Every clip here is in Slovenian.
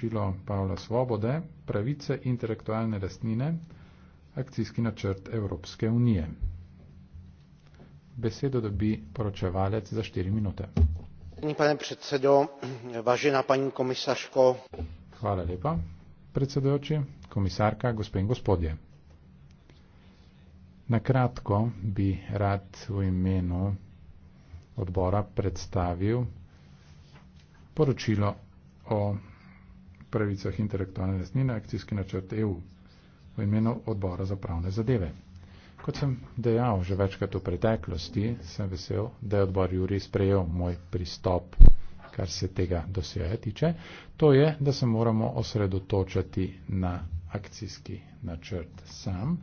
poročilo Pavla Svobode, pravice intelektualne lastnine, akcijski načrt Evropske unije. Besedo dobi poročevalec za 4 minute. Pane predsedo, važena pani komisarko. Hvala lepa, predsedojoči, komisarka, gospe in gospodje. Nakratko bi rad v imenu odbora predstavil poročilo o pravicah intelektualne lastnine akcijski načrt EU v imenu odbora za pravne zadeve. Kot sem dejal že večkrat v preteklosti, sem vesel, da je odbor Juri sprejel moj pristop, kar se tega dosjeja tiče. To je, da se moramo osredotočati na akcijski načrt sam,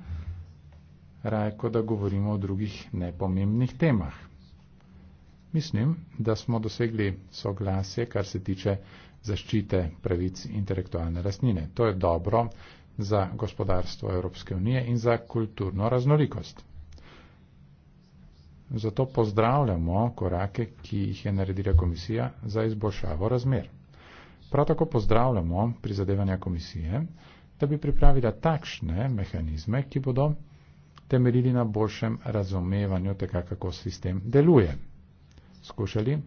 raje kot da govorimo o drugih nepomembnih temah. Mislim, da smo dosegli soglasje, kar se tiče zaščite pravic intelektualne lastnine. To je dobro za gospodarstvo Evropske unije in za kulturno raznolikost. Zato pozdravljamo korake, ki jih je naredila komisija za izboljšavo razmer. Prav tako pozdravljamo prizadevanja komisije, da bi pripravila takšne mehanizme, ki bodo temeljili na boljšem razumevanju tega, kako sistem deluje. Skušali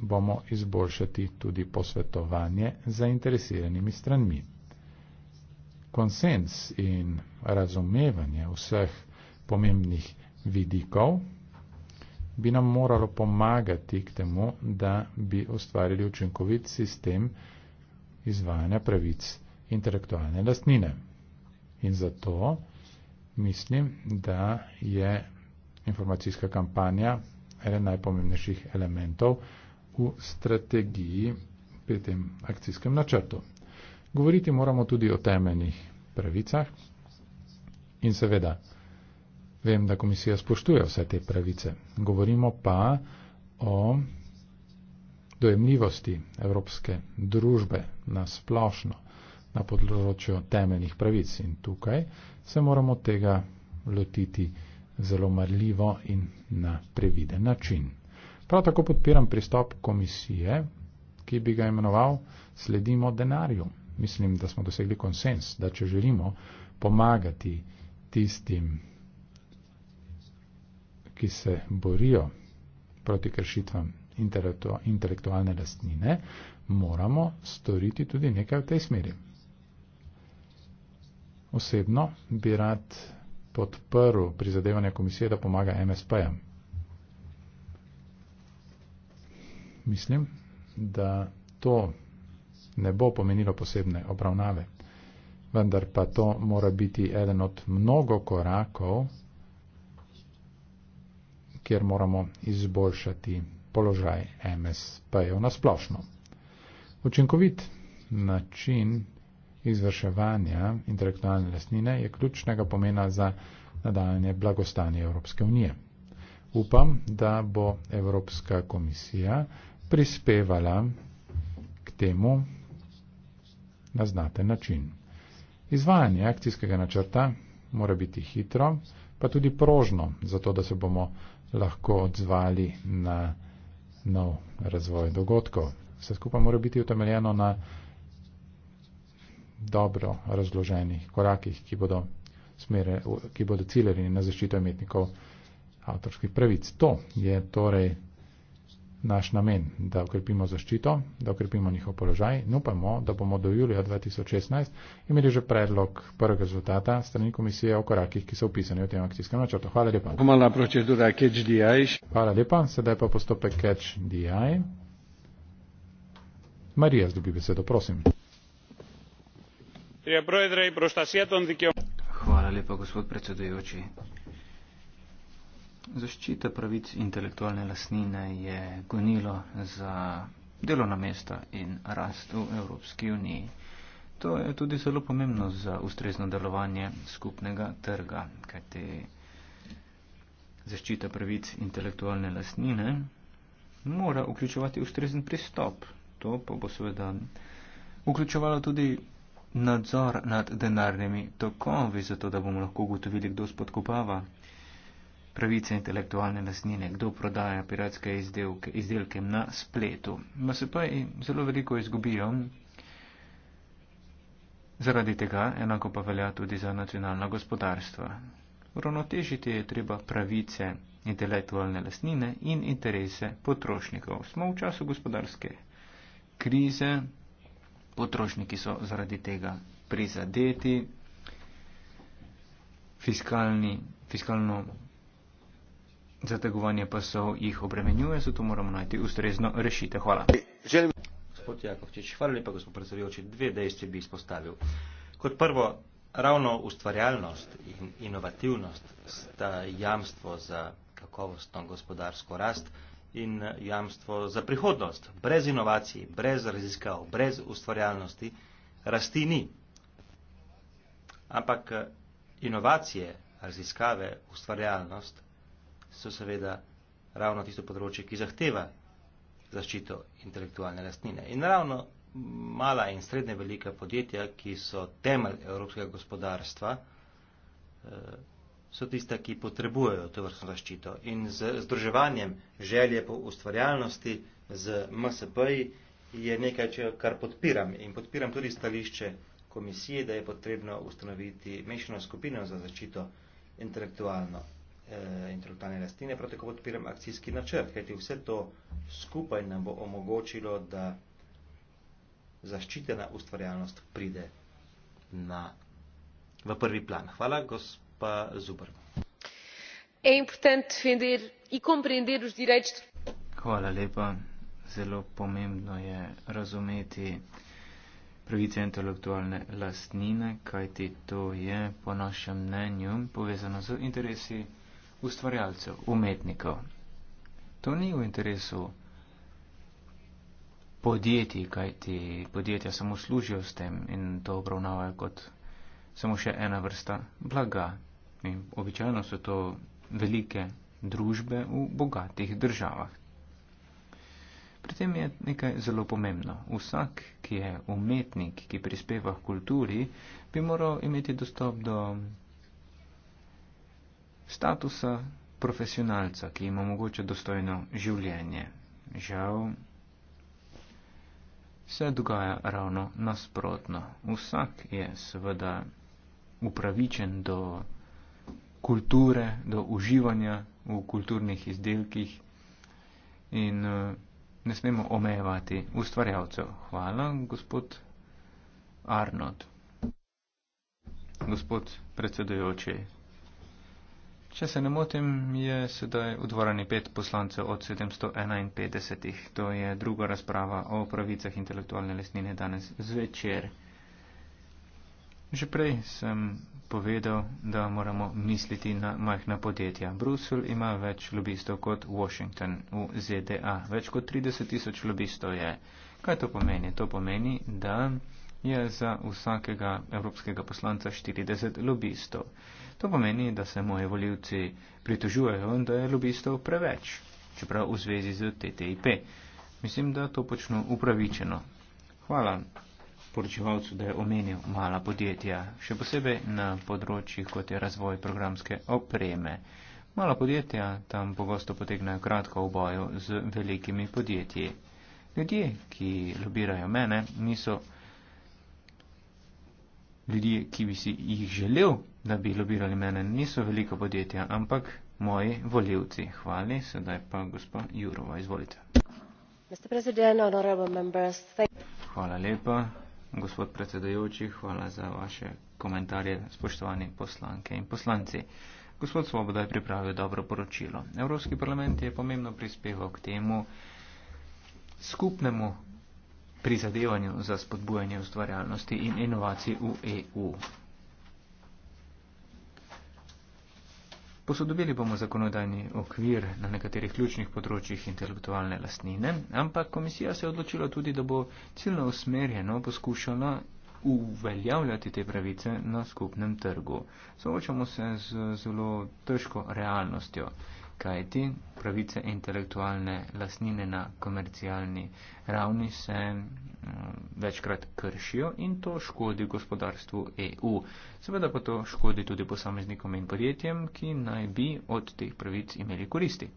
bomo izboljšati tudi posvetovanje z zainteresiranimi stranmi. Konsens in razumevanje vseh pomembnih vidikov bi nam moralo pomagati k temu, da bi ustvarili učinkovit sistem izvajanja pravic intelektualne lastnine. In zato mislim, da je informacijska kampanja eden najpomembnejših elementov v strategiji pri tem akcijskem načrtu. Govoriti moramo tudi o temeljnih pravicah in seveda vem, da komisija spoštuje vse te pravice. Govorimo pa o dojemljivosti evropske družbe na splošno na področju temeljnih pravic in tukaj se moramo tega lotiti zelo marljivo in na previden način. Prav tako podpiram pristop komisije, ki bi ga imenoval Sledimo denarju. Mislim, da smo dosegli konsens, da če želimo pomagati tistim, ki se borijo proti kršitvam intelektualne lastnine, moramo storiti tudi nekaj v tej smeri. Osebno bi rad podprl prizadevanje komisije, da pomaga MSP-jem, mislim, da to ne bo pomenilo posebne obravnave. Vendar pa to mora biti eden od mnogo korakov, kjer moramo izboljšati položaj MSP-jev na splošno. Učinkovit način izvrševanja intelektualne lasnine je ključnega pomena za nadaljanje blagostanje Evropske unije. Upam, da bo Evropska komisija prispevala k temu na znaten način. Izvajanje akcijskega načrta mora biti hitro, pa tudi prožno, zato da se bomo lahko odzvali na nov razvoj dogodkov. Vse skupaj mora biti utemeljeno na dobro razloženih korakih, ki bodo, smere, ki bodo ciljeni na zaščito imetnikov avtorskih pravic. To je torej naš namen, da ukrepimo zaščito, da ukrepimo njihov položaj. Nupamo, da bomo do julija 2016 imeli že predlog prvega rezultata strani komisije o korakih, ki so upisani v tem akcijskem načrtu. Hvala lepa. Hvala lepa, sedaj pa postopek catch DI. Marija, zdobi besedo, prosim. Hvala lepa, gospod predsedujoči. Zaščita pravic intelektualne lasnine je gonilo za delovna mesta in rast v Evropski uniji. To je tudi zelo pomembno za ustrezno delovanje skupnega trga, kajte zaščita pravic intelektualne lasnine mora vključevati ustrezen pristop. To pa bo seveda vključevalo tudi nadzor nad denarnimi tokovi, zato da bomo lahko ugotovili, kdo spodkopava pravice intelektualne lasnine, kdo prodaja piratske izdelke, izdelke na spletu. Ma se pa zelo veliko izgubijo zaradi tega, enako pa velja tudi za nacionalna gospodarstva. Uravnotežiti je treba pravice intelektualne lasnine in interese potrošnikov. Smo v času gospodarske krize, potrošniki so zaradi tega prizadeti, fiskalni, fiskalno zategovanje pasov jih obremenjuje, zato moramo najti ustrezno rešite. Hvala. Gospod Jakovčič, hvala lepa, gospod predsedujoči. Dve dejstvi bi izpostavil. Kot prvo, ravno ustvarjalnost in inovativnost sta jamstvo za kakovostno gospodarsko rast in jamstvo za prihodnost. Brez inovacij, brez raziskav, brez ustvarjalnosti rasti ni. Ampak eh, inovacije, raziskave, ustvarjalnost so seveda ravno tisto področje, ki zahteva zaščito intelektualne lastnine. In ravno mala in srednje velika podjetja, ki so temelj evropskega gospodarstva, eh, so tista, ki potrebujejo to vrstno zaščito. In z združevanjem želje po ustvarjalnosti z MSP-ji je nekaj, kar podpiram. In podpiram tudi stališče komisije, da je potrebno ustanoviti mešano skupino za zaščito intelektualno Eh, intelektualne lastine, prav tako podpiram akcijski načrt, kajti vse to skupaj nam bo omogočilo, da zaščitena ustvarjalnost pride na, v prvi plan. Hvala, gospa Zubr. É importante defender e compreender os direitos de... Hvala lepa. Zelo pomembno je razumeti pravice intelektualne lastnine, kajti to je po našem mnenju povezano z interesi ustvarjalcev, umetnikov. To ni v interesu podjetij, kaj ti podjetja samo služijo s tem in to obravnavajo kot samo še ena vrsta blaga. In običajno so to velike družbe v bogatih državah. Pri tem je nekaj zelo pomembno. Vsak, ki je umetnik, ki prispeva k kulturi, bi moral imeti dostop do statusa profesionalca, ki ima mogoče dostojno življenje. Žal se dogaja ravno nasprotno. Vsak je seveda upravičen do kulture, do uživanja v kulturnih izdelkih in eh, ne smemo omejevati ustvarjavcev. Hvala, gospod Arnold. Gospod predsedujoči. Če se ne motim, je sedaj v dvorani pet poslancev od 751. To je druga razprava o pravicah intelektualne lesnine danes zvečer. Že prej sem povedal, da moramo misliti na majhna podjetja. Brusel ima več lobistov kot Washington v ZDA. Več kot 30 tisoč lobistov je. Kaj to pomeni? To pomeni, da je za vsakega evropskega poslanca 40 lobistov. To pomeni, da se moji voljivci pritožujejo, da je lobistov preveč, čeprav v zvezi z TTIP. Mislim, da to počno upravičeno. Hvala poročevalcu, da je omenil mala podjetja, še posebej na področjih, kot je razvoj programske opreme. Mala podjetja tam pogosto potegnajo kratko v boju z velikimi podjetji. Ljudje, ki lobirajo mene, niso ljudje, ki bi si jih želel, da bi lobirali mene, niso veliko podjetja, ampak moji voljivci. Hvala, sedaj pa gospa Jurova, izvolite. Hvala lepa, gospod predsedajoči, hvala za vaše komentarje, spoštovani poslanke in poslanci. Gospod Svoboda je pripravil dobro poročilo. Evropski parlament je pomembno prispeval k temu skupnemu prizadevanju za spodbujanje ustvarjalnosti in inovacij v EU. Posodobili bomo zakonodajni okvir na nekaterih ključnih področjih intelektualne lastnine, ampak komisija se je odločila tudi, da bo ciljno usmerjeno poskušala uveljavljati te pravice na skupnem trgu. Soočamo se z zelo težko realnostjo kajti pravice intelektualne lasnine na komercialni ravni se mm, večkrat kršijo in to škodi gospodarstvu EU. Seveda pa to škodi tudi posameznikom in podjetjem, ki naj bi od teh pravic imeli koristi.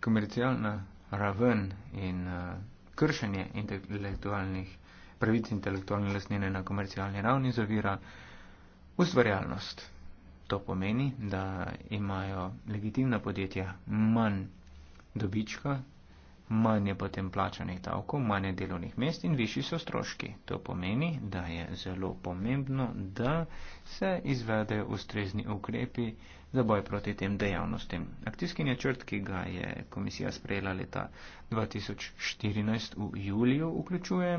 Komercialna raven in eh, kršenje intelektualnih pravic intelektualne lasnine na komercialni ravni zavira ustvarjalnost. To pomeni, da imajo legitimna podjetja manj dobička, manj je potem plačanih davkov, manj je delovnih mest in višji so stroški. To pomeni, da je zelo pomembno, da se izvedejo ustrezni ukrepi za boj proti tem dejavnostim. Akcijski načrt, ki ga je komisija sprejela leta 2014 v juliju, vključuje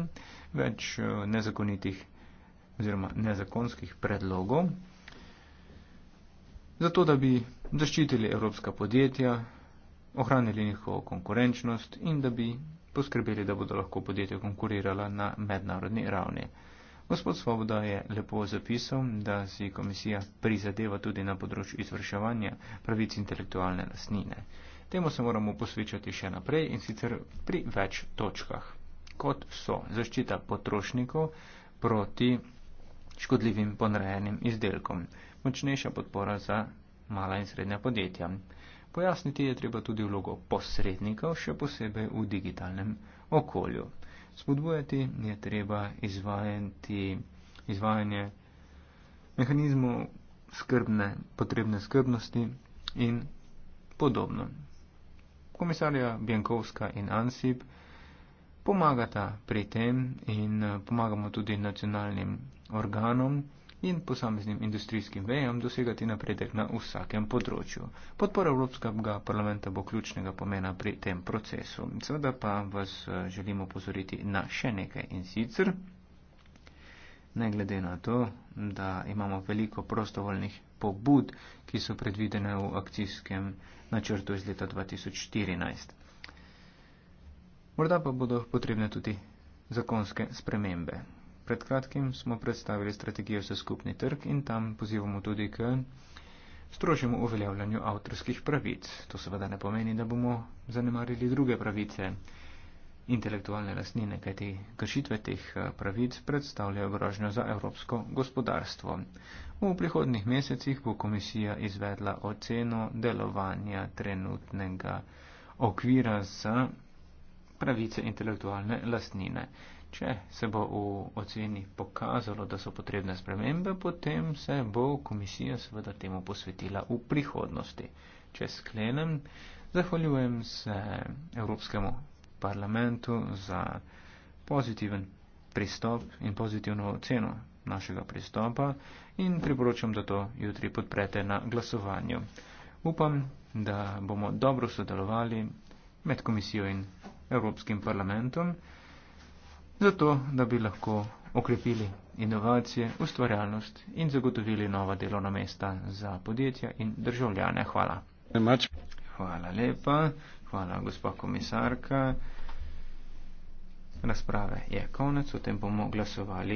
več eh, nezakonitih oziroma nezakonskih predlogov zato da bi zaščitili evropska podjetja, ohranili njihovo konkurenčnost in da bi poskrbeli, da bodo lahko podjetja konkurirala na mednarodni ravni. Gospod Svoboda je lepo zapisal, da si komisija prizadeva tudi na področju izvrševanja pravic intelektualne lasnine. Temu se moramo posvečati še naprej in sicer pri več točkah, kot so zaščita potrošnikov proti škodljivim ponrejenim izdelkom, močnejša podpora za mala in srednja podjetja. Pojasniti je treba tudi vlogo posrednikov, še posebej v digitalnem okolju. Spodbujati je treba izvajanje mehanizmov skrbne, potrebne skrbnosti in podobno. Komisarja Bjankovska in Ansip pomagata pri tem in pomagamo tudi nacionalnim organom in posameznim industrijskim vejam dosegati napredek na vsakem področju. Podpora Evropskega parlamenta bo ključnega pomena pri tem procesu. Seveda pa vas eh, želimo pozoriti na še nekaj in sicer, ne glede na to, da imamo veliko prostovoljnih pobud, ki so predvidene v akcijskem načrtu iz leta 2014. Morda pa bodo potrebne tudi zakonske spremembe. Pred kratkim smo predstavili strategijo za skupni trg in tam pozivamo tudi k strožjemu uveljavljanju avtorskih pravic. To seveda ne pomeni, da bomo zanemarili druge pravice intelektualne lasnine, kajti kršitve teh eh, pravic predstavljajo grožnjo za evropsko gospodarstvo. V prihodnih mesecih bo komisija izvedla oceno delovanja trenutnega okvira za pravice intelektualne lastnine. Če se bo v oceni pokazalo, da so potrebne spremembe, potem se bo komisija seveda temu posvetila v prihodnosti. Če sklenem, zahvaljujem se Evropskemu parlamentu za pozitiven pristop in pozitivno oceno našega pristopa in priporočam, da to jutri podprete na glasovanju. Upam, da bomo dobro sodelovali med komisijo in. Evropskim parlamentom, zato da bi lahko okrepili inovacije, ustvarjalnost in zagotovili nova delovna mesta za podjetja in državljane. Hvala. Hvala lepa, hvala gospa komisarka. Razprave je konec, o tem bomo glasovali.